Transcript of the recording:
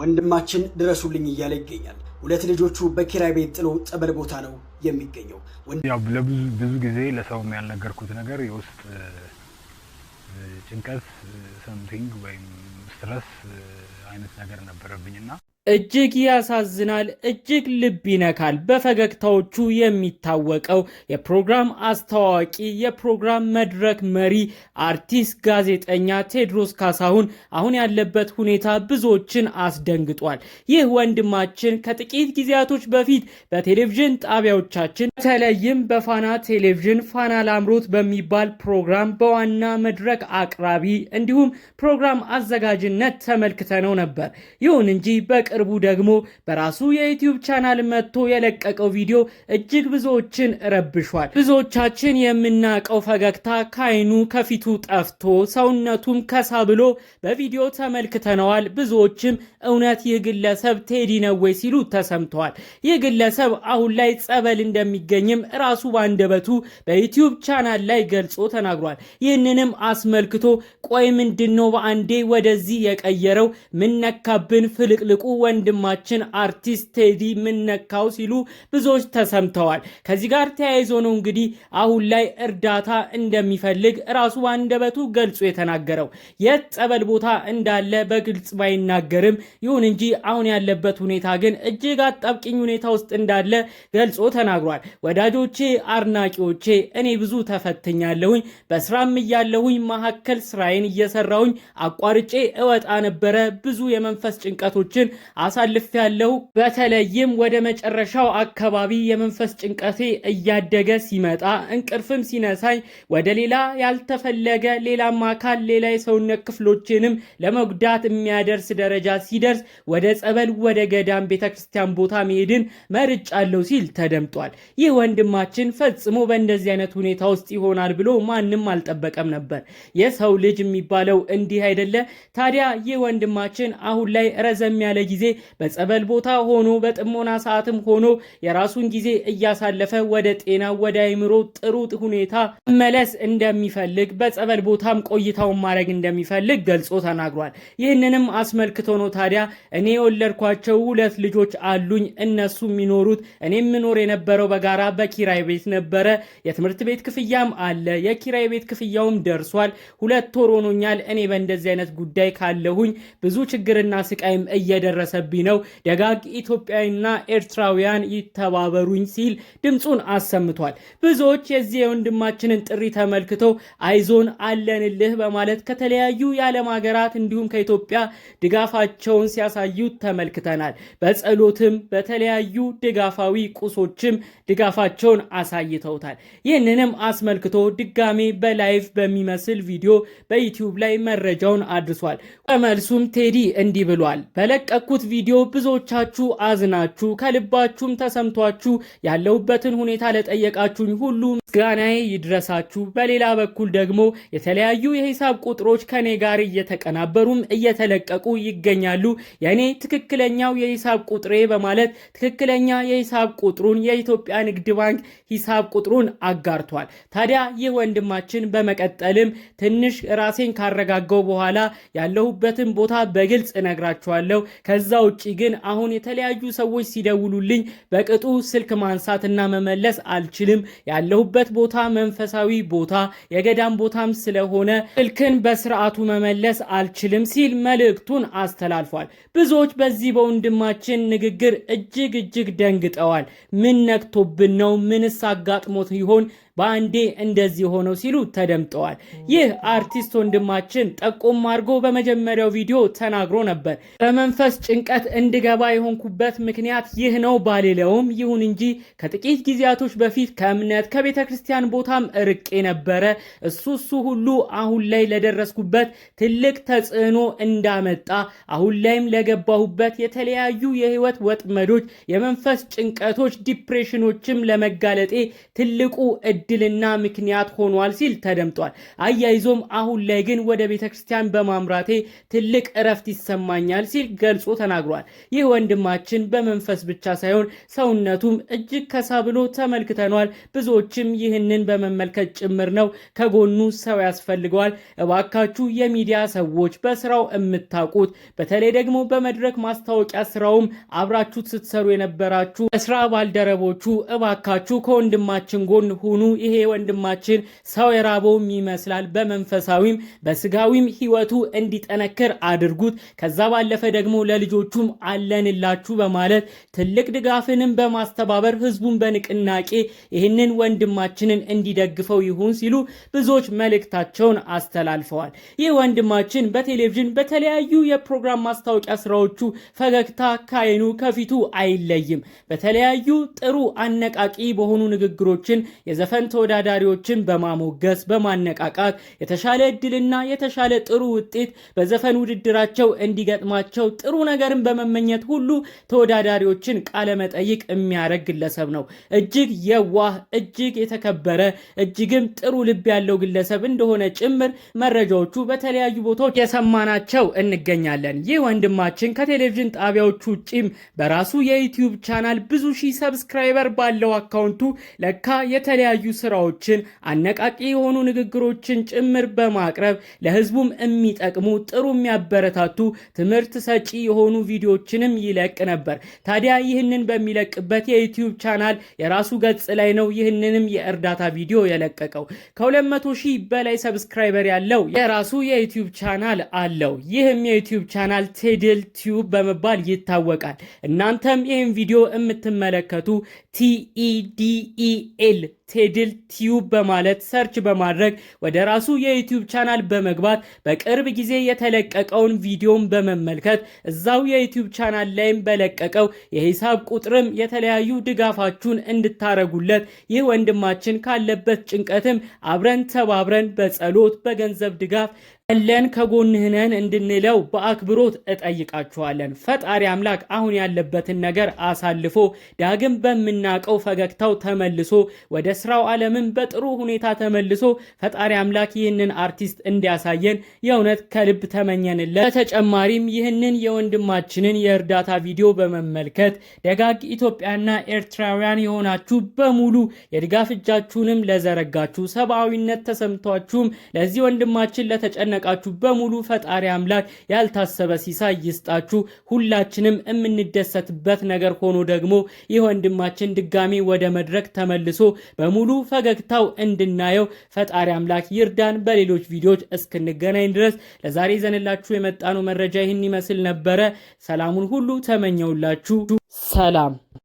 ወንድማችን ድረሱልኝ እያለ ይገኛል። ሁለት ልጆቹ በኪራይ ቤት ጥሎ ጠበል ቦታ ነው የሚገኘው። ብዙ ጊዜ ለሰውም ያልነገርኩት ነገር የውስጥ ጭንቀት ሰምቲንግ ወይም ስትረስ አይነት ነገር ነበረብኝና እጅግ ያሳዝናል፣ እጅግ ልብ ይነካል። በፈገግታዎቹ የሚታወቀው የፕሮግራም አስተዋዋቂ፣ የፕሮግራም መድረክ መሪ፣ አርቲስት፣ ጋዜጠኛ ቴዎድሮስ ካሳሁን አሁን ያለበት ሁኔታ ብዙዎችን አስደንግጧል። ይህ ወንድማችን ከጥቂት ጊዜያቶች በፊት በቴሌቪዥን ጣቢያዎቻችን በተለይም በፋና ቴሌቪዥን ፋና ላምሮት በሚባል ፕሮግራም በዋና መድረክ አቅራቢ እንዲሁም ፕሮግራም አዘጋጅነት ተመልክተነው ነበር። ይሁን እንጂ በ በቅርቡ ደግሞ በራሱ የዩቲዩብ ቻናል መጥቶ የለቀቀው ቪዲዮ እጅግ ብዙዎችን ረብሿል። ብዙዎቻችን የምናቀው ፈገግታ ከአይኑ ከፊቱ ጠፍቶ ሰውነቱም ከሳ ብሎ በቪዲዮ ተመልክተነዋል። ብዙዎችም እውነት ይህ ግለሰብ ቴዲ ነው ወይ ሲሉ ተሰምተዋል። ይህ ግለሰብ አሁን ላይ ጸበል እንደሚገኝም ራሱ በአንደበቱ በዩቲዩብ ቻናል ላይ ገልጾ ተናግሯል። ይህንንም አስመልክቶ ቆይ ምንድነው በአንዴ ወደዚህ የቀየረው ምነካብን ፍልቅልቁ ወንድማችን አርቲስት ቴዲ ምነካው ሲሉ ብዙዎች ተሰምተዋል። ከዚህ ጋር ተያይዞ ነው እንግዲህ አሁን ላይ እርዳታ እንደሚፈልግ ራሱ በአንደበቱ ገልጾ የተናገረው። የት ጸበል ቦታ እንዳለ በግልጽ ባይናገርም ይሁን እንጂ አሁን ያለበት ሁኔታ ግን እጅግ አጣብቂኝ ሁኔታ ውስጥ እንዳለ ገልጾ ተናግሯል። ወዳጆቼ፣ አድናቂዎቼ እኔ ብዙ ተፈትኛለሁኝ። በስራም እያለሁኝ መካከል ስራዬን እየሰራሁኝ አቋርጬ እወጣ ነበረ። ብዙ የመንፈስ ጭንቀቶችን አሳልፍ ያለው በተለይም ወደ መጨረሻው አካባቢ የመንፈስ ጭንቀቴ እያደገ ሲመጣ እንቅልፍም ሲነሳኝ ወደ ሌላ ያልተፈለገ ሌላም አካል ሌላ የሰውነት ክፍሎችንም ለመጉዳት የሚያደርስ ደረጃ ሲደርስ ወደ ጸበል ወደ ገዳም ቤተክርስቲያን ቦታ መሄድን መርጫለሁ ሲል ተደምጧል። ይህ ወንድማችን ፈጽሞ በእንደዚህ አይነት ሁኔታ ውስጥ ይሆናል ብሎ ማንም አልጠበቀም ነበር። የሰው ልጅ የሚባለው እንዲህ አይደለ ታዲያ? ይህ ወንድማችን አሁን ላይ ረዘም ያለ ጊዜ ጊዜ በጸበል ቦታ ሆኖ በጥሞና ሰዓትም ሆኖ የራሱን ጊዜ እያሳለፈ ወደ ጤና ወደ አይምሮ ጥሩ ሁኔታ መለስ እንደሚፈልግ በጸበል ቦታም ቆይታውን ማድረግ እንደሚፈልግ ገልጾ ተናግሯል። ይህንንም አስመልክቶ ነው ታዲያ እኔ የወለድኳቸው ሁለት ልጆች አሉኝ። እነሱ የሚኖሩት እኔ የምኖር የነበረው በጋራ በኪራይ ቤት ነበረ። የትምህርት ቤት ክፍያም አለ። የኪራይ ቤት ክፍያውም ደርሷል። ሁለት ወር ሆኖኛል። እኔ በእንደዚህ አይነት ጉዳይ ካለሁኝ ብዙ ችግርና ስቃይም እየደረሰ እየደረሰብኝ ነው፣ ደጋግ ኢትዮጵያዊና ኤርትራውያን ይተባበሩኝ ሲል ድምፁን አሰምቷል። ብዙዎች የዚህ የወንድማችንን ጥሪ ተመልክተው አይዞን አለንልህ በማለት ከተለያዩ የዓለም ሀገራት እንዲሁም ከኢትዮጵያ ድጋፋቸውን ሲያሳዩ ተመልክተናል። በጸሎትም በተለያዩ ድጋፋዊ ቁሶችም ድጋፋቸውን አሳይተውታል። ይህንንም አስመልክቶ ድጋሜ በላይቭ በሚመስል ቪዲዮ በዩቲዩብ ላይ መረጃውን አድርሷል። በመልሱም ቴዲ እንዲህ ብሏል። በለቀኩት ባየሁት ቪዲዮ ብዙዎቻችሁ አዝናችሁ ከልባችሁም ተሰምቷችሁ ያለሁበትን ሁኔታ ለጠየቃችሁኝ ሁሉ ምስጋናዬ ይድረሳችሁ። በሌላ በኩል ደግሞ የተለያዩ የሂሳብ ቁጥሮች ከኔ ጋር እየተቀናበሩም እየተለቀቁ ይገኛሉ። የኔ ትክክለኛው የሂሳብ ቁጥሬ በማለት ትክክለኛ የሂሳብ ቁጥሩን የኢትዮጵያ ንግድ ባንክ ሂሳብ ቁጥሩን አጋርቷል። ታዲያ ይህ ወንድማችን በመቀጠልም ትንሽ ራሴን ካረጋገው በኋላ ያለሁበትን ቦታ በግልጽ እነግራችኋለሁ ከዚ ከዛ ውጪ ግን አሁን የተለያዩ ሰዎች ሲደውሉልኝ በቅጡ ስልክ ማንሳትና መመለስ አልችልም። ያለሁበት ቦታ መንፈሳዊ ቦታ የገዳም ቦታም ስለሆነ ስልክን በስርዓቱ መመለስ አልችልም ሲል መልእክቱን አስተላልፏል። ብዙዎች በዚህ በወንድማችን ንግግር እጅግ እጅግ ደንግጠዋል። ምን ነክቶብን ነው? ምንስ አጋጥሞት ይሆን? በአንዴ እንደዚህ ሆነው ሲሉ ተደምጠዋል። ይህ አርቲስት ወንድማችን ጠቆም አድርጎ በመጀመሪያው ቪዲዮ ተናግሮ ነበር። በመንፈስ ጭንቀት እንድገባ የሆንኩበት ምክንያት ይህ ነው ባልለውም፣ ይሁን እንጂ ከጥቂት ጊዜያቶች በፊት ከእምነት ከቤተ ክርስቲያን ቦታም እርቄ ነበረ። እሱ እሱ ሁሉ አሁን ላይ ለደረስኩበት ትልቅ ተጽዕኖ እንዳመጣ አሁን ላይም ለገባሁበት የተለያዩ የህይወት ወጥመዶች፣ የመንፈስ ጭንቀቶች፣ ዲፕሬሽኖችም ለመጋለጤ ትልቁ እድ እድልና ምክንያት ሆኗል ሲል ተደምጧል። አያይዞም አሁን ላይ ግን ወደ ቤተ ክርስቲያን በማምራቴ ትልቅ እረፍት ይሰማኛል ሲል ገልጾ ተናግሯል። ይህ ወንድማችን በመንፈስ ብቻ ሳይሆን ሰውነቱም እጅግ ከሳ ብሎ ተመልክተኗል። ብዙዎችም ይህንን በመመልከት ጭምር ነው ከጎኑ ሰው ያስፈልገዋል። እባካችሁ የሚዲያ ሰዎች በስራው የምታውቁት በተለይ ደግሞ በመድረክ ማስታወቂያ ስራውም አብራችሁት ስትሰሩ የነበራችሁ ስራ ባልደረቦቹ እባካችሁ ከወንድማችን ጎን ሁኑ ይሄ ወንድማችን ሰው የራበውም ይመስላል። በመንፈሳዊም በስጋዊም ህይወቱ እንዲጠነክር አድርጉት። ከዛ ባለፈ ደግሞ ለልጆቹም አለንላችሁ በማለት ትልቅ ድጋፍንም በማስተባበር ህዝቡን በንቅናቄ ይህንን ወንድማችንን እንዲደግፈው ይሁን ሲሉ ብዙዎች መልእክታቸውን አስተላልፈዋል። ይህ ወንድማችን በቴሌቪዥን በተለያዩ የፕሮግራም ማስታወቂያ ስራዎቹ ፈገግታ ካይኑ ከፊቱ አይለይም። በተለያዩ ጥሩ አነቃቂ በሆኑ ንግግሮችን የዘፈ ፈጣን ተወዳዳሪዎችን በማሞገስ በማነቃቃት የተሻለ እድልና የተሻለ ጥሩ ውጤት በዘፈን ውድድራቸው እንዲገጥማቸው ጥሩ ነገርን በመመኘት ሁሉ ተወዳዳሪዎችን ቃለመጠይቅ የሚያደርግ ግለሰብ ነው። እጅግ የዋህ እጅግ የተከበረ እጅግም ጥሩ ልብ ያለው ግለሰብ እንደሆነ ጭምር መረጃዎቹ በተለያዩ ቦታዎች የሰማናቸው እንገኛለን። ይህ ወንድማችን ከቴሌቪዥን ጣቢያዎች ውጭም በራሱ የዩቲዩብ ቻናል ብዙ ሺህ ሰብስክራይበር ባለው አካውንቱ ለካ የተለያዩ ስራዎችን አነቃቂ የሆኑ ንግግሮችን ጭምር በማቅረብ ለህዝቡም የሚጠቅሙ ጥሩ የሚያበረታቱ ትምህርት ሰጪ የሆኑ ቪዲዮችንም ይለቅ ነበር። ታዲያ ይህንን በሚለቅበት የዩትዩብ ቻናል የራሱ ገጽ ላይ ነው ይህንንም የእርዳታ ቪዲዮ የለቀቀው። ከ200 ሺህ በላይ ሰብስክራይበር ያለው የራሱ የዩትዩብ ቻናል አለው። ይህም የዩትዩብ ቻናል ቴድል ቲዩብ በመባል ይታወቃል። እናንተም ይህን ቪዲዮ የምትመለከቱ ቲኢዲኢኤል ቴድል ቲዩብ በማለት ሰርች በማድረግ ወደ ራሱ የዩቲዩብ ቻናል በመግባት በቅርብ ጊዜ የተለቀቀውን ቪዲዮም በመመልከት እዛው የዩቲዩብ ቻናል ላይም በለቀቀው የሂሳብ ቁጥርም የተለያዩ ድጋፋችሁን እንድታረጉለት ይህ ወንድማችን ካለበት ጭንቀትም አብረን ተባብረን በጸሎት በገንዘብ ድጋፍ ለን ከጎንህ እንድንለው በአክብሮት እጠይቃችኋለን። ፈጣሪ አምላክ አሁን ያለበትን ነገር አሳልፎ ዳግም በምናቀው ፈገግታው ተመልሶ ወደ ስራው ዓለምን በጥሩ ሁኔታ ተመልሶ ፈጣሪ አምላክ ይህንን አርቲስት እንዲያሳየን የእውነት ከልብ ተመኘንለን። በተጨማሪም ይህንን የወንድማችንን የእርዳታ ቪዲዮ በመመልከት ደጋግ ኢትዮጵያና ኤርትራውያን የሆናችሁ በሙሉ የድጋፍ እጃችሁንም ለዘረጋችሁ ሰብአዊነት ተሰምቷችሁም ለዚህ ወንድማችን ለተጨነ ለተጨነቃችሁ በሙሉ ፈጣሪ አምላክ ያልታሰበ ሲሳይ ይስጣችሁ። ሁላችንም የምንደሰትበት ነገር ሆኖ ደግሞ ይህ ወንድማችን ድጋሚ ወደ መድረክ ተመልሶ በሙሉ ፈገግታው እንድናየው ፈጣሪ አምላክ ይርዳን። በሌሎች ቪዲዮዎች እስክንገናኝ ድረስ ለዛሬ ይዘንላችሁ የመጣነው መረጃ ይህን ይመስል ነበረ። ሰላሙን ሁሉ ተመኘውላችሁ። ሰላም